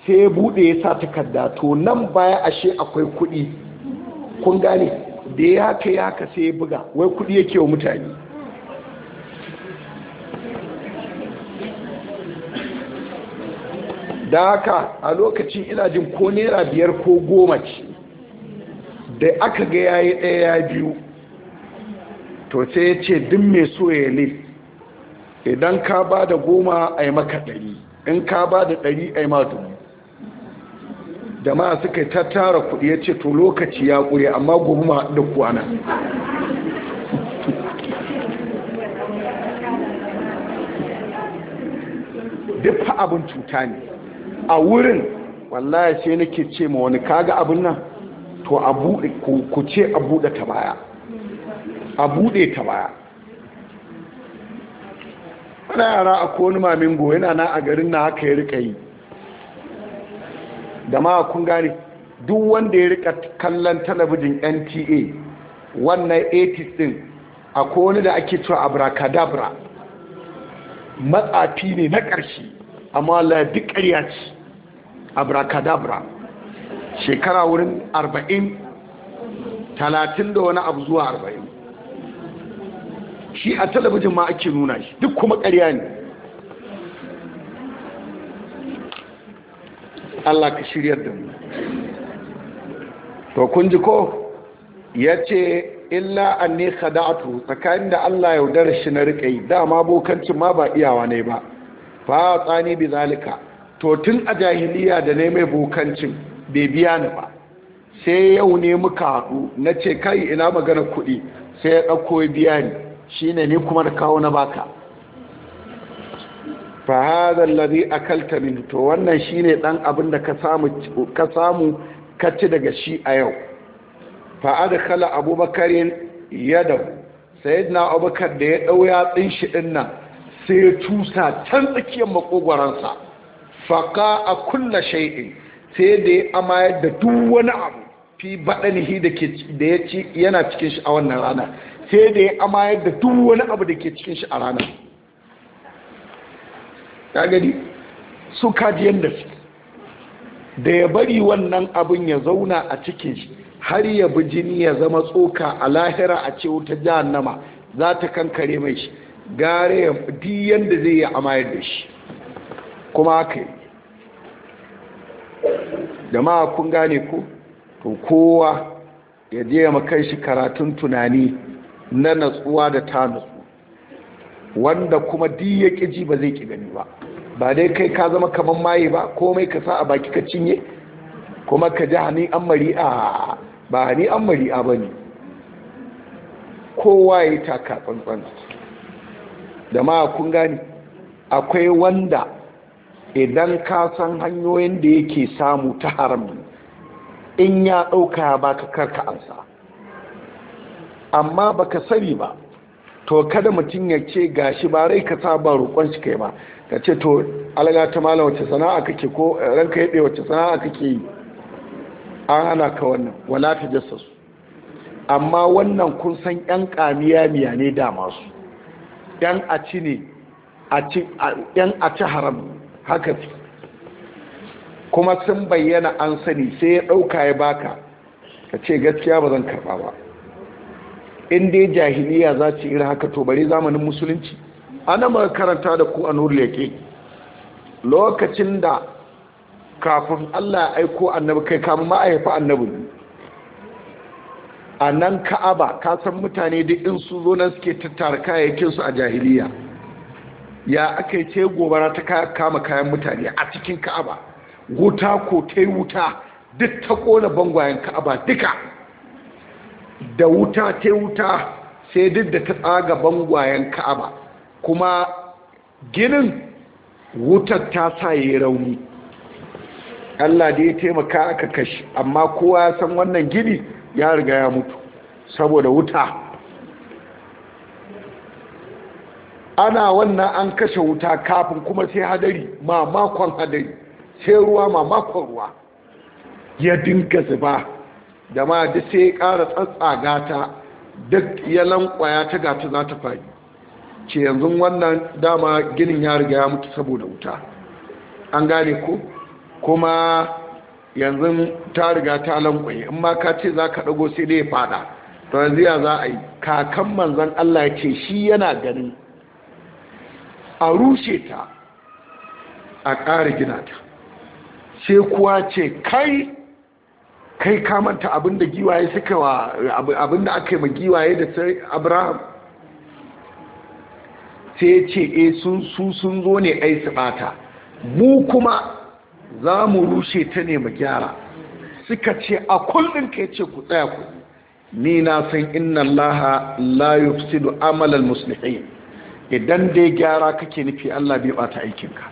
sai ya bude ya sa takarda to nan baya ashe akwai kudi kun gane da ya haka ya haka sai ya buga wai kudi ya wa mutane da haka a lokacin ina jin ko naira biyar ko goma ce da aka ga yayi ɗaya ya biyu to sai ya ce duk mai so ne idan ka ba da goma a yi maka ɗari in ka ba da ɗari a yi ma da jama'a suka tattara kuɗi ya ce to lokaci ya ƙure amma gobe ma da kwana <laughs> duk fa abin cuta ne a wurin wallahi sai nake ce ma wani kaga abin nan to ku ce a buɗe ta baya a bude ta baya wani yara a kowani mamin yana na a garin na haka ya rika yi da ma kun gane duk wanda ya rika kallon talabijin nta wannan 80s din a kowani da ake cewa abracadabra matsafi ne na ƙarshe amma la duk ƙarya ce abracadabra shekara wurin 40 talatin da wani abu zuwa arba'in shi a talabijin ma ake nuna shi duk kuma ƙarya ne Allah ka shiryar da mu to kun ji ko ya ce illa an ne sada'atu tsakanin da Allah yaudar shi na riƙe dama bokancin ma ba iyawa ne ba fa tsani bi zalika to tun a jahiliya da ne mai bokancin bai biya ni ba sai yau ne muka haɗu na ce kai ina magana kuɗi sai ya ɗauko biya ni shine ni kuma da kawo na baka fa hadha a akalta min to wannan shine dan abin da ka samu ka ci daga shi a yau fa adkhala abubakar yadahu sayyidina abubakar da ya dau yatsin shi dinnan sai ya tusa can tsakiyar makogwaransa faka a kulla shay'in sai da ya amayar da duk wani abu fi baɗanihi da ya ci yana cikin shi a wannan rana sai da ya amayar da duk wani abu da ke cikin shi a rana ya gani su kaji yadda su da ya bari wannan abin ya zauna a cikin shi har ya bi jini ya zama tsoka a lahira a ce wuta nama, za ta kankare mai shi gare ya fi yadda zai yi amayar da shi kuma haka yi jama'a kun gane ku, to kowa ya je ya makai shi karatun tunani na natsuwa da ta natsu wanda kuma di ya ƙiji ba zai ƙi gani ba ba dai kai ka zama kamar maye ba komai ka sa a baki ka cinye kuma ka ji hannun an mari'a ba hannun an mari'a ba ne kowa ya yi taka tsantsan da ma kun gani akwai wanda idan ka san hanyoyin da yake samu ta haram in ya ɗauka ya baka karka ansa amma baka sani ba to kada mutum ya ce gashi ba rai ka saba roƙon shi kai ba ka ce to alaga ta mala wace sana'a kake ko ranka yaɗe wace sana'a kake yi an hana ka wannan wala ta su amma wannan kun san yan ƙamiya miya ne da masu yan a ci ne yan a ci haram haka fi kuma sun bayyana an sani sai ya ɗauka ya baka ka ce gaskiya ba zan karɓa ba in dai jahiliya za ci irin haka to bari zamanin musulunci ana ma karanta da ku a nurul leke lokacin da kafin Allah ya aiko annabi kai kafin ma aifa annabi a nan ka'aba ka san mutane duk in su zo nan suke tattara kayayyakin su a jahiliya ya aka yi ce gobara ta kama kayan mutane a cikin ka'aba wuta ko ta wuta duk ta kona bangwayen ka'aba duka da wuta ta wuta sai duk da ta tsaga bangwayen ka'aba kuma ginin wutar ta sa yi rauni allah da ya taimaka aka kashi amma kowa ya san wannan gini ya riga ya mutu saboda wuta ana wannan an kashe wuta kafin kuma sai hadari mamakon hadari sai ruwa makon ruwa ya dinka zuba da ma duk sai ya ƙara tsatsaga ta duk ya lankwaya ta gata za ta faɗi ce yanzu wannan dama ginin ya riga ya mutu saboda wuta an gane ko kuma yanzu ta riga ta lankwaye in ma ka ce za ka ɗago sai dai ya faɗa to yanzu ya za a yi kakan manzan Allah ya ce shi yana ganin a rushe ta a ƙara gina ta sai kuwa ce kai kai ka manta abin da giwaye suka wa abin da aka yi ma giwaye da sai abraham sai ce e sun su sun zo ne ai su bata mu kuma za mu rushe ta ne mu gyara suka ce a kullum ka ce ku tsaya ku ni na san inna allaha la yufsidu amalan muslihin idan dai gyara kake nufi allah bai bata aikinka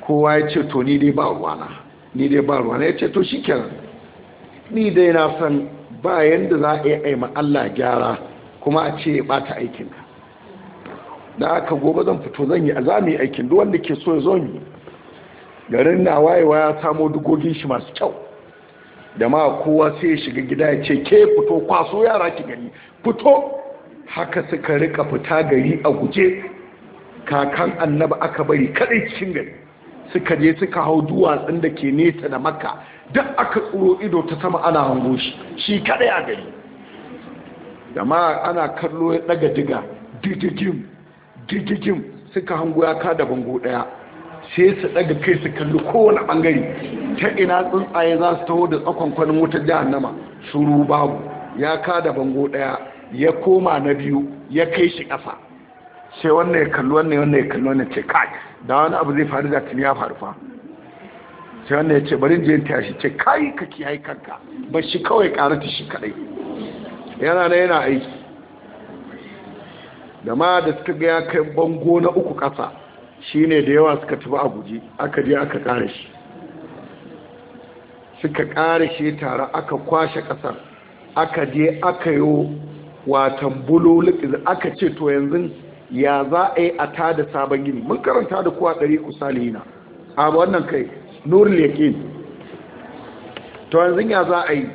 kowa ya ce to ni dai ba ruwana ni dai ba ruwa na ya ce to shi ni dai na san ba yadda za a yi aima Allah gyara kuma a ce ba ta aikinka da aka gobe zan fito zan yi a za yi aikin duk wanda ke so ya zo yi garin na wayewa ya samo dugogin shi masu kyau da ma kowa sai ya shiga gida ya ce ke fito kwaso yara ki gani fito haka suka rika fita gari a guje kakan annaba aka bari kadai cikin gari suka je suka hau duwatsun da ke nesa da makka duk aka tsoro ido ta sama ana hango shi shi kaɗai a gari jama'a ana kallo ya daga diga digigim digigim suka hango ya da bango ɗaya, sai su daga kai su kalli kowane bangare ta ina tsuntsaye za su taho da tsakonkwanin wutar jahannama suru babu ya da bango ɗaya, ya koma na biyu ya kai shi ƙasa sai wannan ya kalli wannan ya kalli wannan ce kai da wani abu zai faru da tuni ya faru fa sai wannan ya ce bari je ta shi ce kai ka kiyaye kanka ba shi kawai karata shi kadai yana na yana aiki da ma da suka ga ya kai bango na uku kasa shine da yawa suka tafi a guji aka je aka kare shi suka kare shi tare aka kwashe kasar aka je aka yi watan bulolin aka ce to yanzu ya za a yi a tada sabon gini mun karanta da kuwa ɗari kusalina a wannan kai nuri yakin to yanzu ya za a yi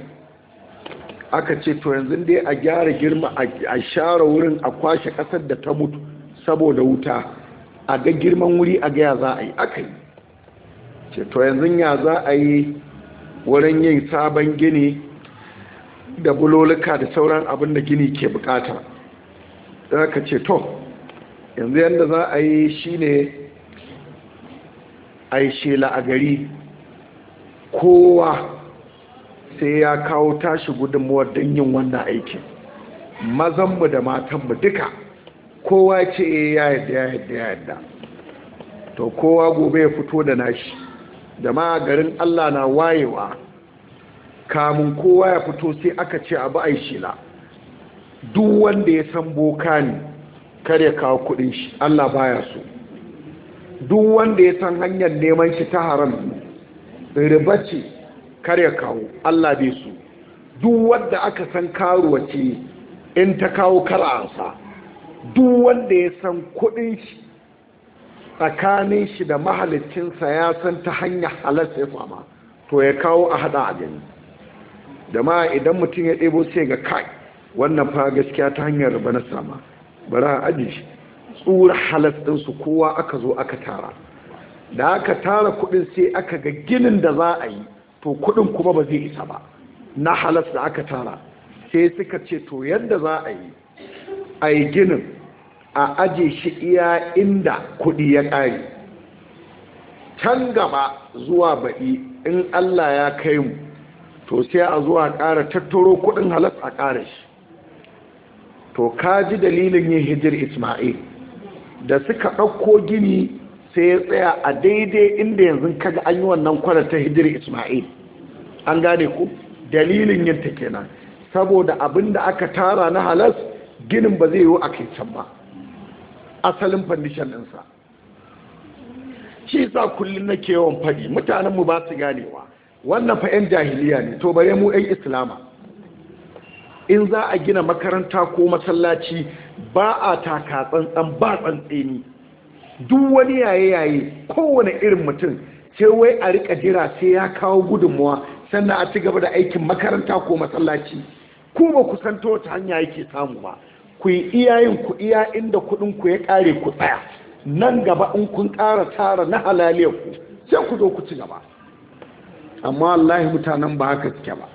aka ce to yanzu dai a gyara girma a shara wurin a kwashe ƙasar da ta mutu saboda wuta a ga girman wuri a ga ya za a yi aka yi ce to yanzu ya za a yi wurin yin sabon gini da bulolika da sauran abin da gini ke bukata ka ce to yanzu yadda za a yi shi ne a yi shela a gari kowa sai ya kawo tashi gudunmuwar don yin wannan aikin mazanmu da matanmu duka kowa ce eh, ya yadda ya yadda ya yadda to kowa gobe ya fito da nashi da ma garin allah na wayewa kamun kowa ya fito sai aka ce abu aishila. duk wanda ya san boka ne kar kawo kudin shi Allah baya so duk wanda ya san hanyar neman shi ta haram riba ce kar kawo Allah bai so duk wanda aka san karuwa ce in ta kawo kar'ansa duk wanda ya san kudin shi tsakanin shi da mahalicinsa ya san ta hanyar halarsa ya fama to ya kawo a hada a gani da ma idan mutum ya ɗebo sai ga kai wannan fa gaskiya ta hanyar riba na sama bari a aji shi tsura halas ɗinsu kowa aka zo aka tara da aka tara kuɗin sai aka ga ginin da za a yi to kuɗin kuma ba zai isa ba na halas da aka tara sai suka ce to yadda za a yi a yi ginin a aje shi iya inda kuɗi ya ƙare can gaba zuwa baɗi in allah ya kai mu to sai a zuwa ƙara tattaro kuɗin halas a ƙara shi to kaji dalilin yin hijir isma'il da suka ɗauko gini sai ya tsaya a daidai inda yanzu kaga an yi wannan kwana ta hijir isma'il an gane ku dalilin yin ta kenan saboda abin da aka tara na halas ginin ba zai yi a kai can ba asalin fandishan ɗinsa shi sa kullum nake yawan faɗi mutanenmu ba su ganewa wannan fa 'yan jahiliya ne to bare mu 'yan islama in za a gina makaranta ko masallaci ba a taka tsantsan ba tsantseni duk wani yaye-yaye kowane irin mutum sai wai a rika jira sai ya kawo gudunmuwa sannan a ci gaba da aikin makaranta ko masallaci ku ba ku san ta wata hanya yake samu ba ku yi iyayen ku iya inda kuɗin ku ya ƙare ku tsaya nan gaba in kun ƙara tara na halaliyar ku sai ku zo ku ci gaba amma wallahi mutanen ba haka suke ba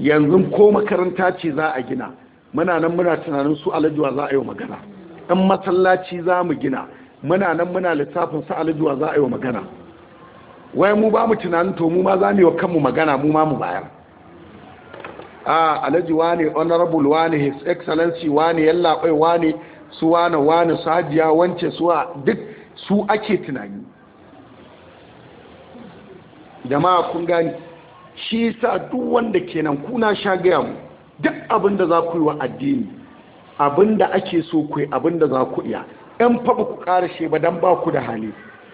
yanzu ko makaranta ce za a gina muna nan muna tunanin su alajuwa za a yi wa magana ɗan masallaci za mu gina muna nan muna littafin su alajuwa za a yi wa magana wai mu ba mu tunanin to mu ma za mu yi wa kanmu magana mu ma mu bayar a alajuwa ne honorable ne his excellency wane yallaɓai wane su wane wa ne hajiya wance su duk su ake tunani jama'a kun gani shi sa duk wanda kenan kuna sha gaya mu duk abin da za ku yi wa addini abin da ake so ku yi abin da za ku iya ɗan fa ba ku ƙarashe ba don ba ku da hali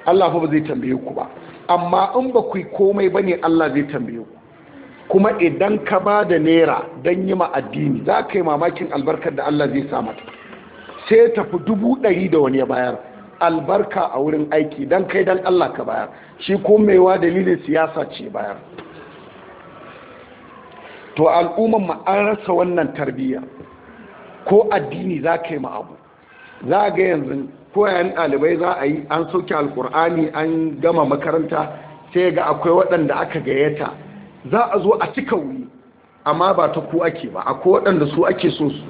Allah fa ba zai tambaye ku ba amma in ba ku yi komai ba ne Allah zai tambaye ku kuma idan ka ba da naira don yi ma addini za ka yi mamakin albarkar da Allah zai sa mata sai tafi dubu ɗari da wani ya bayar albarka a wurin aiki don kai don Allah ka bayar shi ko maiwa dalilin siyasa ce bayar to al'umman ma an rasa wannan tarbiyya ko addini za ka yi abu za ga yanzu ko ɗalibai za a yi an soke alkur'ani an gama makaranta sai ga akwai waɗanda aka gayyata za a zo a cika wuri amma ba ta ku ake ba akwai waɗanda su ake so su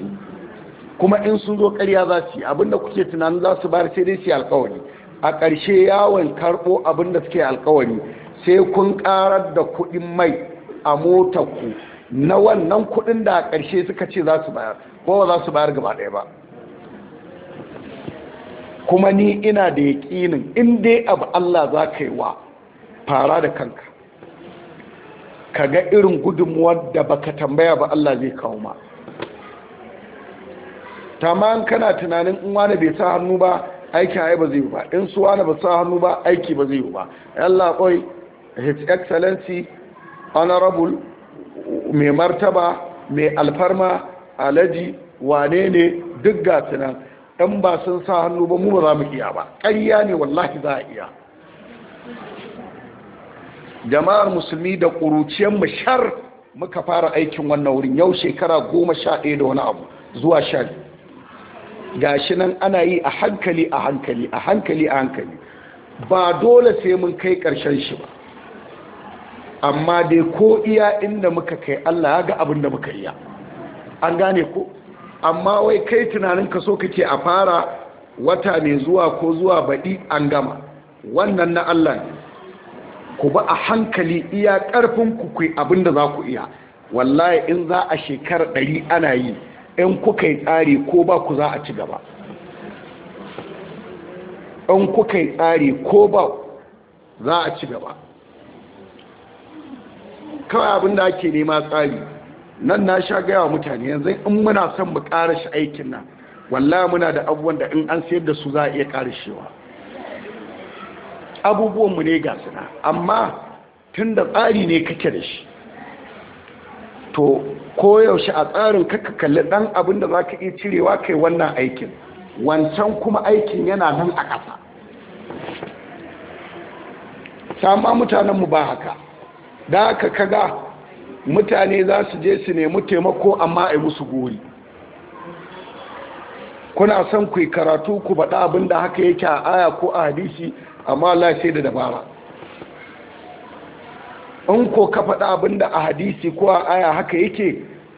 kuma in sun zo ƙarya za su yi abinda kuke tunanin za su bayar sai dai su yi alkawari a ƙarshe yawon karɓo abinda suke alkawari sai kun ƙarar da kuɗin mai a motar ku na wannan kudin da a ƙarshe suka ce za su bayar ko ba za su bayar gaba ɗaya ba kuma ni ina da yaƙinin in dai abu Allah za ka yi wa fara da kanka ka ga irin gudunmuwar da baka tambaya ba Allah zai kawo ma tamam kana tunanin in wani bai sa hannu ba aikin yi ba zai yi ba in su wani ba sa hannu ba aiki ba zai yi ba Allah koi his excellency honorable mai martaba mai alfarma alaji wane ne duk gasu nan ɗan ba sun sa hannu ba mu ba za mu iya ba ƙarya ne wallahi za a iya jama'ar musulmi da ƙuruciyar mu shar muka fara aikin wannan wurin yau shekara goma sha ɗaya da wani abu zuwa sha gashi nan ana yi a hankali a hankali a hankali a hankali ba dole sai mun kai ƙarshen shi ba amma dai ko iya inda muka kai Allah ya ga abin da muka iya an gane ko amma wai kai tunanin ka so kake a fara wata mai zuwa ko zuwa baɗi an gama wannan na Allah ku ba a hankali iya ƙarfin ku kai abin da za ku iya wallahi in za a shekar ɗari ana yi in kuka yi tsari ko ba ku za a ci gaba in kuka yi tsari ko ba za a ci gaba kawai abin da ake nema tsari nan na sha gaya wa mutane yanzu in muna son mu ƙara shi aikin nan wallahi muna da abubuwan da in an sayar da su za a iya ƙara shewa abubuwanmu ne ga suna amma tun da tsari ne kake da shi to koyaushe a tsarin kaka kalli ɗan abin da za ka iya cirewa kai wannan aikin wancan kuma aikin yana nan a ƙasa sama mutanenmu ba haka da ka kaga mutane za su je su nemi taimako amma a musu gori kuna son ku karatu ku baɗa abin da haka yake a aya ko a hadisi amma lashe da dabara in ko ka faɗa abin da a hadisi ko a aya haka yake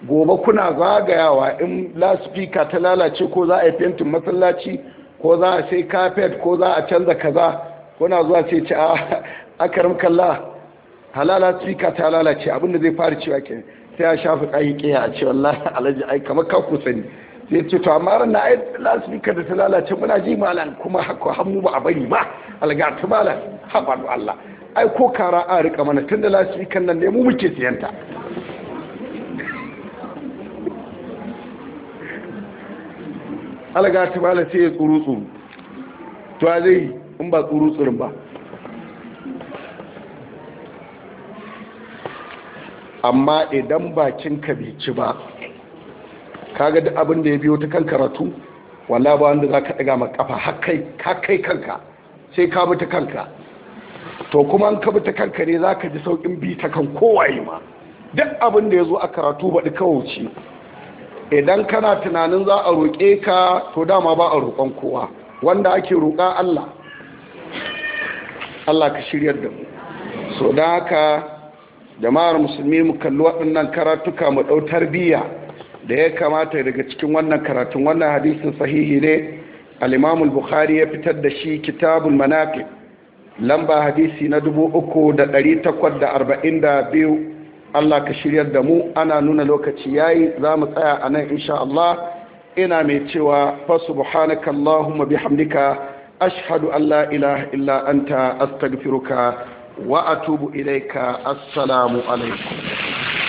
gobe kuna zagayawa in laspika ta lalace ko za a yi fentin masallaci ko za a sai kafet ko za a canza kaza kuna zuwa sai ci a ah, akarin kalla halala tsika ta lalace abinda zai fara cewa ke sai ya shafi kayi kiya a ce wallahi <laughs> alaji ai kamar ka ku sani sai ce to amma ran na ai lasfika da ta lalace muna ji malan kuma haka hannu ba a bari ba alga ta malan haba Allah ai ko kara a rika mana tunda lasfikan nan ne mu muke siyanta alga ta malan sai ya tsuru tsuru to zai in ba tsuru tsurun ba amma idan bakin ka bai ci ba kaga duk abin da ya biyo ta kan karatu walla ba wanda za ka ɗaga ma kafa kai kanka sai ka bi ta kanka to kuma an ka bi ta kanka ne za ka ji sauƙin bi ta kan kowaye ma duk abin da ya zo a karatu baɗi kawauci idan kana tunanin za a roƙe ka to dama ba a roƙon kowa wanda ake roƙa Allah Allah ka shiryar da mu so da haka jama'ar musulmi mu kalli waɗannan karatuka mu ɗau tarbiyya da ya kamata daga cikin wannan karatun wannan hadisin sahihi ne al-imamul bukhari ya fitar da shi kitabul manaqib lamba hadisi na dubu da biyu. Allah ka shiryar da mu ana nuna lokaci yayi za mu tsaya a nan insha Allah ina mai cewa fa subhanakallahumma bihamdika ashhadu an la ilaha illa anta astaghfiruka wa atubu ilaika assalamu alaikum